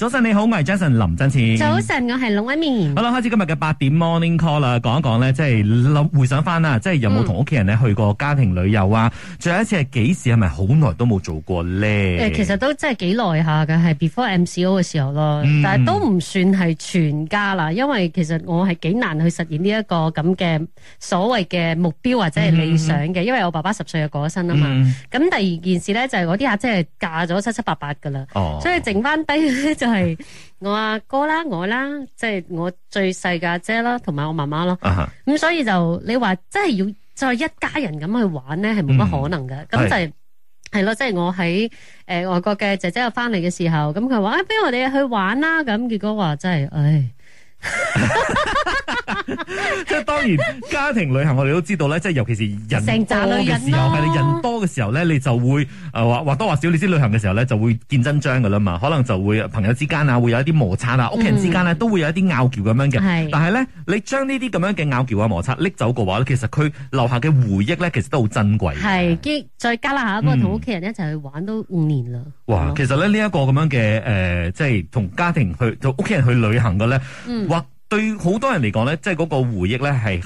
早晨你好，我係 Jason 林振賜。早晨，我係龍威明。好啦，開始今日嘅八點 morning call 啦，講一講咧，即係諗回想翻啦，即係有冇同屋企人咧去過家庭旅遊啊？嗯、最後一次係幾時？係咪好耐都冇做過咧？其實都真係幾耐下㗎，係 before MCO 嘅時候咯，嗯、但係都唔算係全家啦，因為其實我係幾難去實現呢一個咁嘅所謂嘅目標或者係理想嘅，嗯、因為我爸爸十歲就過咗身啦嘛。咁、嗯、第二件事咧就係我啲阿姐嫁咗七七八八噶啦，哦、所以剩翻低。即係 我阿哥啦，我啦，即、就、係、是、我最細嘅阿姐啦，同埋我媽媽囉。咁、uh huh. 所以就你話真係要再一家人咁去玩咧，係冇乜可能嘅。咁、嗯、就係係咯，即係的我喺誒、呃、外國嘅姐姐又翻嚟嘅時候，咁佢話啊，不如我哋去玩啦。咁結果話真係，唉、哎。 即係當然，家庭旅行我哋都知道咧，即係尤其是人多嘅時候，係人，人多嘅時候咧，你就會誒話話多話少，你知旅行嘅時候咧就會見真章噶啦嘛，可能就會朋友之間啊會有一啲摩擦啊，屋企人之間咧、嗯、都會有一啲拗撬咁樣嘅。是但係咧你將呢啲咁樣嘅拗撬啊摩擦拎走嘅話咧，其實佢留下嘅回憶咧，其實都好珍貴。係，兼再加啦吓、嗯、我同屋企人一齊去玩都五年啦。哇，嗯、其實呢，呢、這、一個咁樣嘅誒、呃，即係同家庭去同屋企人去旅行嘅咧，嗯對好多人嚟講咧，即係嗰個回憶咧係。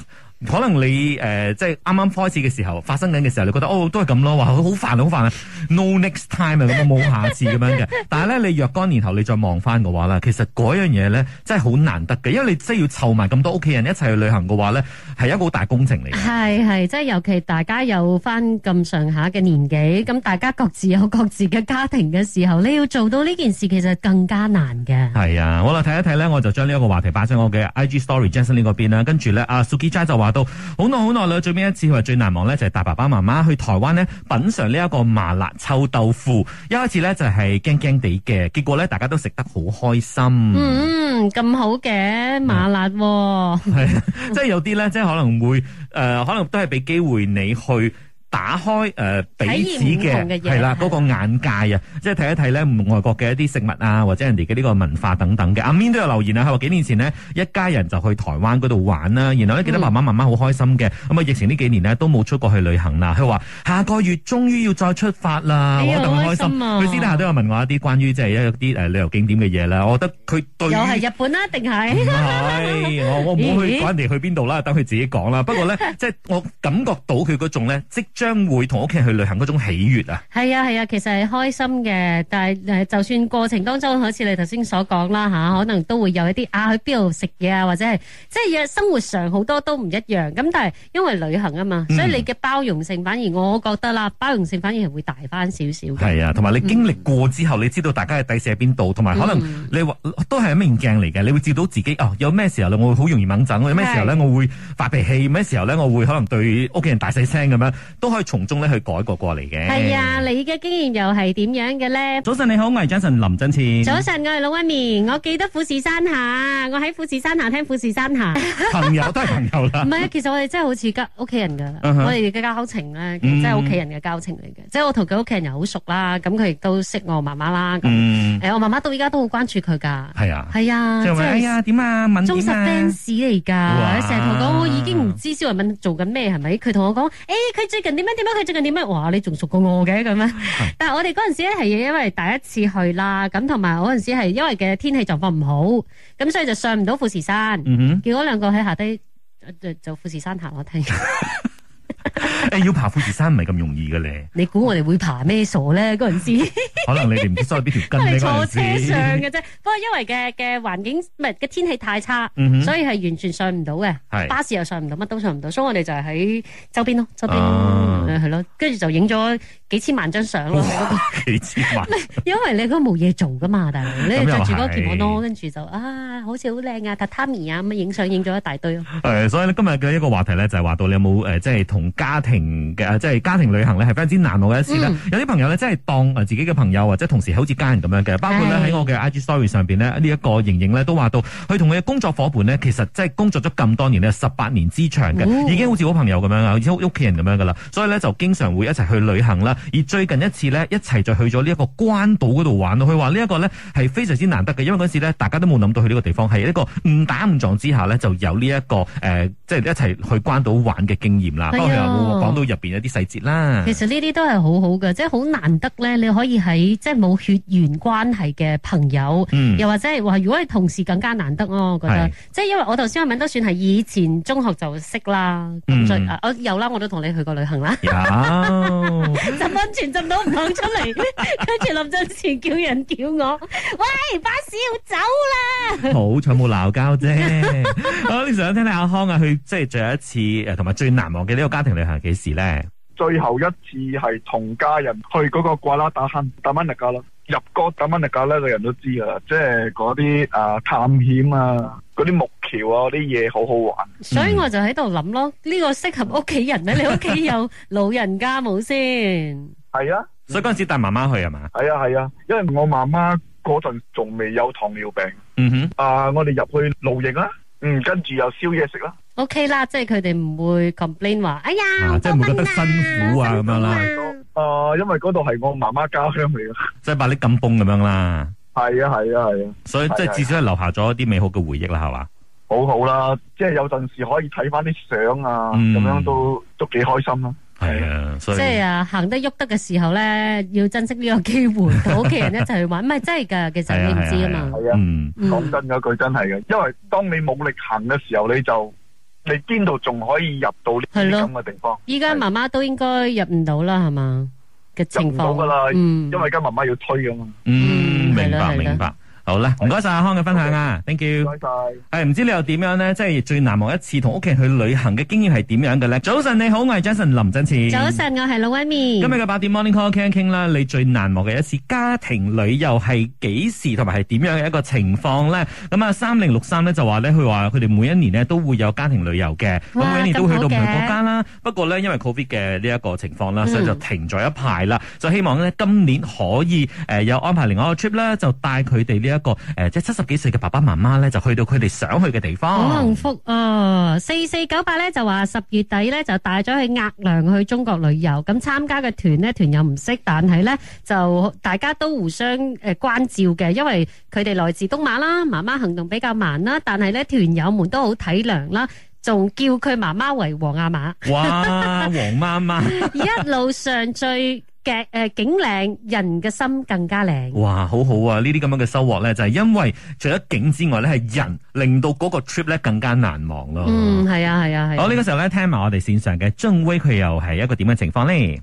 可能你誒、呃、即係啱啱開始嘅時候發生緊嘅時候，你覺得哦都係咁咯，話好煩好煩啊，no next time 啊，冇下次咁樣嘅。 但係咧，你若干年後你再望翻嘅話咧，其實嗰樣嘢咧真係好難得嘅，因為你真係要湊埋咁多屋企人一齊去旅行嘅話咧，係一個好大工程嚟嘅。係係，即係尤其大家有翻咁上下嘅年紀咁大家各自有各自嘅家庭嘅時候，你要做到呢件事其實更加難嘅。係啊，好啦，睇一睇咧，我就將呢一個話題擺喺我嘅 IG story Jason 呢邊啦，跟住咧阿、啊、Suki 仔就話。到好耐好耐啦，最尾一次佢話最難忘咧就係、是、帶爸爸媽媽去台灣咧品嘗呢一個麻辣臭豆腐。一開始咧就係、是、驚驚地嘅，結果咧大家都食得好開心。嗯，咁好嘅麻辣、哦，係即係有啲咧，即係可能會誒、呃，可能都係俾機會你去。打開誒彼此嘅係啦，嗰個眼界啊，即係睇一睇咧外國嘅一啲食物啊，或者人哋嘅呢個文化等等嘅。阿 Min 都有留言啊，佢話幾年前咧一家人就去台灣嗰度玩啦，然後咧記得媽媽媽媽好開心嘅。咁啊，疫情呢幾年咧都冇出過去旅行啦。佢話下個月終於要再出發啦，我就好開心啊。佢私底下都有問我一啲關於即係一啲誒旅遊景點嘅嘢啦。我覺得佢對又係日本啦，定係唔係？我我冇去講人哋去邊度啦，等佢自己講啦。不過咧，即係我感覺到佢嗰種咧即。將會同屋企人去旅行嗰種喜悅啊！係啊，係啊，其實係開心嘅。但係誒，就算過程當中，好似你頭先所講啦嚇，可能都會有一啲啊，去邊度食嘢啊，或者係即係生活上好多都唔一樣。咁但係因為旅行啊嘛，所以你嘅包容性反而我覺得啦，包容性反而係會大翻少少。係啊，同埋你經歷過之後，你知道大家嘅底線喺邊度，同埋可能你話都係一面鏡嚟嘅，你會照到自己啊，有咩時候咧，我會好容易掹掙；有咩時候咧，我會發脾氣；咩時候咧，我會可能對屋企人大細聲咁樣都。都可以從中咧去改過過嚟嘅。係啊，你嘅經驗又係點樣嘅咧？早晨你好，我係 Justin 林振前。早晨，我係老屈棉。我記得富士山下，我喺富士山下聽富士山下。朋友都係朋友㗎。唔係，其實我哋真係好似屋企人㗎。我哋嘅交情咧，真係屋企人嘅交情嚟嘅。即係我同佢屋企人又好熟啦，咁佢亦都識我媽媽啦。咁我媽媽到依家都好關注佢㗎。係啊。係啊。即係點啊？敏點啊？忠實 fans 嚟㗎。哇！成日同講我已經唔知肖文敏做緊咩係咪？佢同我講：誒，佢最近。點樣點樣，佢最近點樣。哇，你仲熟過我嘅。咁樣但係我哋嗰陣時咧係因為第一次去啦，咁同埋嗰陣時係因為嘅天氣狀況唔好，咁所以就上唔到富士山，嗯、哼結果兩個喺下低就，就富士山行樓梯。 誒， 要爬富士山唔係咁容易嘅咧。你估我哋會爬咩傻咧？嗰陣時，可能你哋唔知走去邊條筋。我哋 坐車上嘅啫， 不過因為嘅嘅環境唔係嘅天氣太差，嗯、哼所以係完全上唔到嘅。係是巴士又上唔到，乜都上唔到，所以我哋就係喺周邊咯，周邊誒係咯，跟住就影咗。幾千萬張相咯，嗰個哇幾千萬。 因為你都冇嘢做噶嘛，大佬是。你著住嗰個鍵盤咯，跟住就啊，好似好靚啊，榻榻米啊，咁影相影咗一大堆咯、啊。係、嗯，所以今日嘅一個話題咧，就係、是、話到你有冇誒，即、呃、係、就是、同家庭嘅，即、呃、係、就是、家庭旅行咧，係非常之難忘嘅一次啦。嗯、有啲朋友咧，即、就、係、是、當自己嘅朋友或者、就是、同事好似家人咁樣嘅，包括咧喺我嘅 IG story 上邊呢，這個、芸芸呢一個瑩瑩咧都話到，佢同佢嘅工作伙伴咧，其實即係工作咗咁多年咧，十八年之長嘅，哦、已經好似好朋友咁樣啊，好似屋企人咁樣噶啦。所以咧就經常會一齊去旅行啦。而最近一次咧，一齊就去咗呢一個關島嗰度玩咯。佢話呢一個咧係非常之難得嘅，因為嗰陣時咧大家都冇諗到去呢個地方，係一個誤打誤撞之下咧就有呢、這個呃就是、一個誒，即係一齊去關島玩嘅經驗啦。當然有講到入邊一啲細節啦。其實呢啲都係好好嘅，即係好難得咧。你可以喺即係冇血緣關係嘅朋友，嗯、又或者係話如果係同事更加難得咯。我覺得即係是因為我頭先阿敏都算係以前中學就識啦。嗯，我、啊、有啦，我都同你去過旅行啦。有 溫泉浸到唔肯出嚟，跟住 臨陣前叫人叫我，喂，巴士要走啦！ 好彩冇鬧交啫。好想聽聽阿康啊，去即係最後一次誒，同、啊、埋最難忘嘅呢個家庭旅行係幾時咧？最後一次係同家人去嗰個瓜拉打亨打蚊特咖啦，入過打蚊特咖咧嘅人都知啦，即係嗰啲誒探險啊，嗰啲木。條啊啲嘢好好玩，所以我就喺度諗咯，呢個適合屋企人啊？你屋企有老人家冇先？係啊，所以嗰陣時帶媽媽去係嘛？係啊係啊，因為我媽媽嗰陣仲未有糖尿病。嗯哼，啊，我哋入去露營啦，嗯，跟住又燒嘢食啦。O K 啦，即係佢哋唔會 complain 話，哎呀，即係唔覺得辛苦啊咁樣啦。啊，因為嗰度係我媽媽家鄉嚟嘅，即係百里錦峰咁樣啦。係啊係啊係啊，所以即係至少係留下咗一啲美好嘅回憶啦，係嘛？好好啦，即係有陣時可以睇翻啲相啊，咁樣都都幾開心咯。係啊，即係啊，行得喐得嘅時候咧，要珍惜呢個機會，同屋企人一齊去玩，唔係真係噶，其實你唔知啊嘛。係啊，講真嗰句真係嘅，因為當你冇力行嘅時候，你就你邊度仲可以入到呢啲咁嘅地方？依家媽媽都應該入唔到啦，係嘛嘅情況？入唔到噶啦，因為而家媽媽要推㗎嘛。嗯，明白明白。好啦，唔該晒阿康嘅分享啊 Thank you 唔該晒。係唔知你又點樣咧？即係最難忘一次同屋企人去旅行嘅經驗係點樣嘅咧？早晨你好，我係 Jason 林振前。早晨，我係老威咪。今日嘅八點 Morning Call 傾一傾啦，你最難忘嘅一次家庭旅遊係幾時同埋係點樣嘅一個情況咧？咁、嗯、啊，三零六三咧就話咧，佢話佢哋每一年咧都會有家庭旅遊嘅，咁哇每一年都去到唔同國家啦。不過咧因為 Covid 嘅呢一個情況啦，所以就停咗一排啦。就、嗯、希望咧今年可以誒、呃、有安排另外一個 trip 啦，就帶佢哋呢一一個誒，即係七十幾歲嘅爸爸媽媽咧，就去到佢哋想去嘅地方。好幸福啊！四四九八咧就話十月底咧就帶咗佢額娘去中國旅遊。咁參加嘅團咧，團友唔識，但係咧就大家都互相誒關照嘅。因為佢哋來自東馬啦，媽媽行動比較慢啦，但係咧團友們都好體諒啦，仲叫佢媽媽為黃阿嫲。哇，黃媽媽！ 一路上最。誒、呃，景靚，人嘅心更加靚。哇，好好啊！呢啲咁樣嘅收穫咧，就係因為除咗景之外咧，係人令到嗰個 trip 咧更加難忘咯。嗯，係啊，係啊，係、啊。好，呢、這個時候咧，聽埋我哋線上嘅鍾威，佢又係一個點樣情況咧？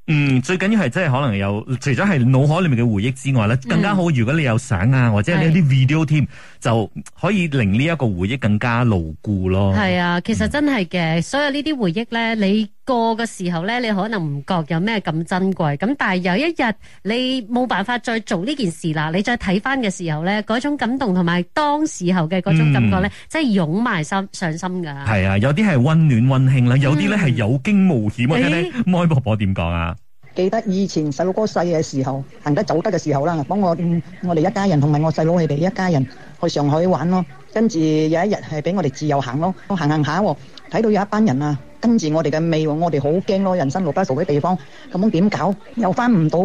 嗯，最緊要係真係可能有，除咗係腦海裏面嘅回憶之外咧，更加好。如果你有相啊，或者你有啲 video 添，就可以令呢一個回憶更加牢固咯。係啊，其實真係嘅，所有呢啲回憶咧，你過嘅時候咧，你可能唔覺有咩咁珍貴。咁但係有一日你冇辦法再做呢件事啦，你再睇翻嘅時候咧，嗰種感動同埋當時候嘅嗰種感覺咧，真係湧埋心上心噶。係啊，有啲係溫暖溫馨啦，有啲咧係有驚無險啊。咁咧，麥婆婆點講啊？.記得以前細路哥細嘅時候，行得走得嘅時候啦，幫我我哋一家人同埋我細佬佢哋一家人去上海玩咯。跟住有一日係俾我哋自由行咯，行行下喎，睇到有一班人啊，跟住我哋嘅尾喎，我哋好驚咯，人生路不熟嘅地方，咁樣點搞？又翻唔到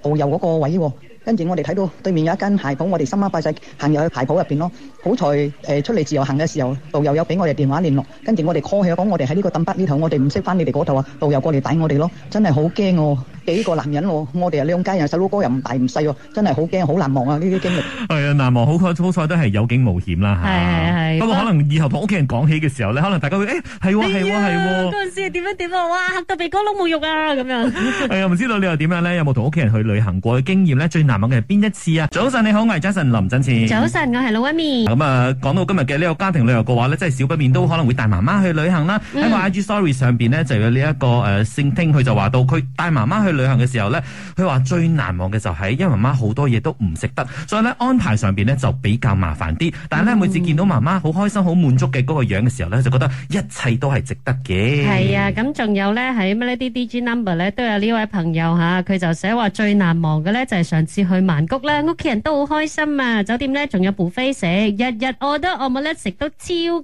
導遊嗰個位喎。跟住我哋睇到對面有一間鞋鋪，我哋心慌快晒，行入去鞋鋪入邊咯。好彩誒、呃、出嚟自由行嘅時候，導遊有俾我哋電話聯絡。跟住我哋 call 佢講，我哋喺呢個氹北呢頭，我哋唔識返你哋嗰度啊，導遊過嚟帶我哋咯，真係好驚喎。幾個男人喎，我哋又兩家人細佬哥又唔大唔細喎，真係好驚好難忘啊！呢啲經歷係啊難忘， 好彩好彩都係有驚無險啦嚇。係係。但 不過可能以後同屋企人講起嘅時候咧，可能大家會誒係喎係喎係喎。嗰、哎、陣時點樣點、啊、哇！嚇到鼻哥窿冇肉啊！咁樣。係啊、 哎，唔知道你又點樣咧？有冇同屋企人去旅行過嘅經驗咧？最難忘嘅係邊一次啊？早晨你好，我係 Jason 林振前。早晨，我係老媽咪。咁啊，講到今日嘅呢個家庭旅遊嘅話咧，真係少不免都可能會帶媽媽去旅行啦。喺個、嗯、IG story 上邊咧就有呢、這、一個誒聲聽，佢、呃、就話到佢帶媽媽去。旅行嘅時候咧，佢話最難忘嘅就係因為媽媽好多嘢都唔食得，所以咧安排上邊咧就比較麻煩啲。但係咧每次見到媽媽好開心、好滿足嘅嗰個樣嘅時候咧，就覺得一切都係值得嘅。係啊，咁仲有咧喺乜呢啲 D G number 咧都有呢位朋友吓、啊，佢就寫話最難忘嘅咧就係、是、上次去曼谷啦，屋企人都好開心啊，酒店咧仲有 buffet 食，日日我都我乜咧食都超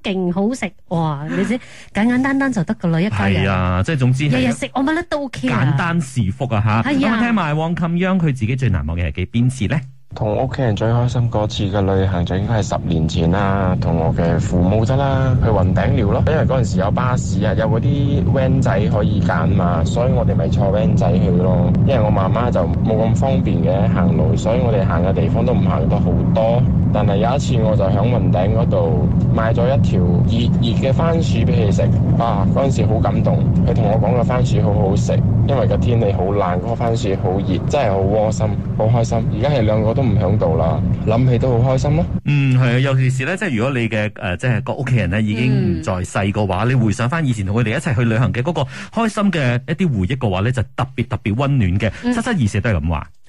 勁好食哇！你知簡簡單單就得噶啦，一家人係啊，即係總之日日食我乜咧都 OK 啊，簡單福啊嚇！呀我聽埋黃琴央佢自己最難忘嘅係幾邊次咧？同屋企人最開心嗰次嘅旅行就應該係十年前啦，同我嘅父母得啦，去雲頂廟咯。因為嗰陣時有巴士啊，有嗰啲 van 仔可以揀嘛，所以我哋咪坐 van 仔去咯。因為我媽媽就冇咁方便嘅行路，所以我哋行嘅地方都唔行得好多。但係有一次，我就喺雲頂嗰度買咗一條熱熱嘅番薯俾佢食，啊！嗰陣時好感動，佢同我講個番薯好好食，因為個天氣好冷，嗰個番薯好熱，真係好窩心，好開心。而家係兩個都唔喺度啦，諗起都好開心咯、啊。嗯，係啊，尤其是咧，即係如果你嘅、呃、即係個屋企人咧已經唔在世嘅話，嗯、你回想翻以前同佢哋一齊去旅行嘅嗰個開心嘅一啲回憶嘅話咧，就特別特別溫暖嘅，嗯、七七二四都係咁話。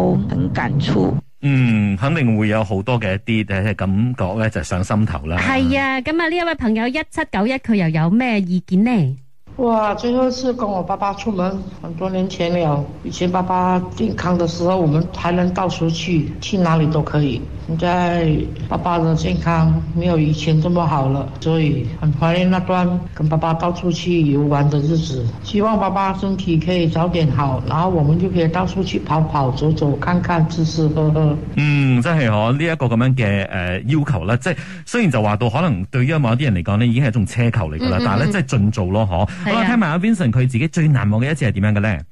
都好感觸，嗯，肯定會有好多嘅一啲嘅感覺咧，就上心頭啦。係啊，咁啊，呢一位朋友一七九一，佢又有咩意見呢？哇！最後是跟我爸爸出門，很多年前了。以前爸爸健康的時候，我們還能到處去，去哪裏都可以。現在爸爸的健康沒有以前這麼好了，所以很懷念那段跟爸爸到處去遊玩的日子。希望爸爸身體可以早點好，然後我們就可以到處去跑跑、走走、看看、吃吃喝喝。呵呵嗯，真係嗬，呢、這、一個咁樣嘅誒、呃、要求呢。即係雖然就話到可能對於某一啲人嚟講呢，已經係一種奢求嚟噶啦，但係咧，即係盡做咯，嗬。我聽埋阿 Vincent 佢自己最難忘嘅一次係點樣嘅咧？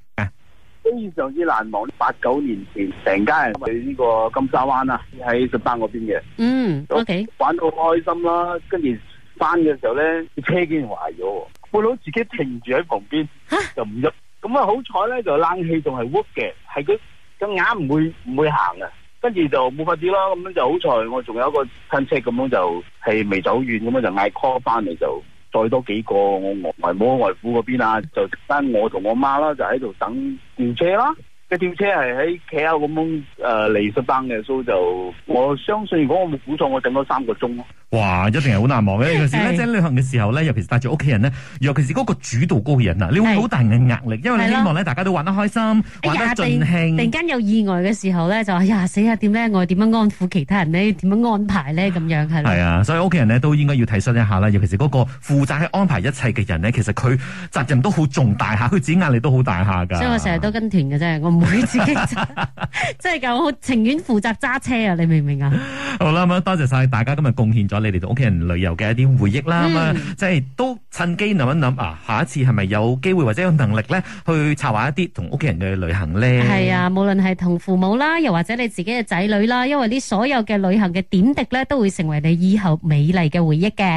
非常之難忘，八九年前成家人去呢個金沙灣啊，喺十八嗰邊嘅。嗯就，OK，玩到好開心啦，跟住翻嘅時候咧，車竟然壞咗，本好自己停住喺旁邊就唔喐。咁啊好彩咧就冷氣仲係 work 嘅，係佢個眼唔會唔會行啊，跟住就冇法子啦，咁樣就好彩我仲有一個親戚咁樣就係未走遠咁樣就嗌 call 翻嚟就。再多幾個，我外外母外父嗰邊啊，就單我同我媽啦，就喺度等吊車啦。個吊車係喺企下咁樣誒離失班嘅，所以就我相信，如果我冇估錯，我等咗三個鐘咯。哇，一定係好難忘嘅。尤其是咧，即係旅行嘅時候咧是，尤其是帶住屋企人呢，尤其是嗰個主導嗰個人啊，你會好大嘅壓力，是因為你希望大家都玩得開心，的玩盡興。突然間有意外嘅時候呢，就、哎、呀死下、啊、點呢？我點樣安撫其他人呢？點樣安排呢？這樣」咁樣，係係啊，所以屋企人呢，都應該要提升一下啦。尤其是嗰個負責去安排一切嘅人呢，其實佢責任都好重大下，佢、嗯、自己壓力都好大下噶。所以我成日都跟團嘅啫，我唔會自己。 真係咁我好情願負責揸車啊！你明唔明啊？好啦，咁多謝晒大家今日貢獻咗你哋同屋企人旅遊嘅一啲回憶啦。咁啊、嗯，即係都趁機諗一諗啊，下一次係咪有機會或者有能力咧去策劃一啲同屋企人嘅旅行咧？係啊，無論係同父母啦，又或者你自己嘅仔女啦，因為呢所有嘅旅行嘅點滴咧，都會成為你以後美麗嘅回憶嘅。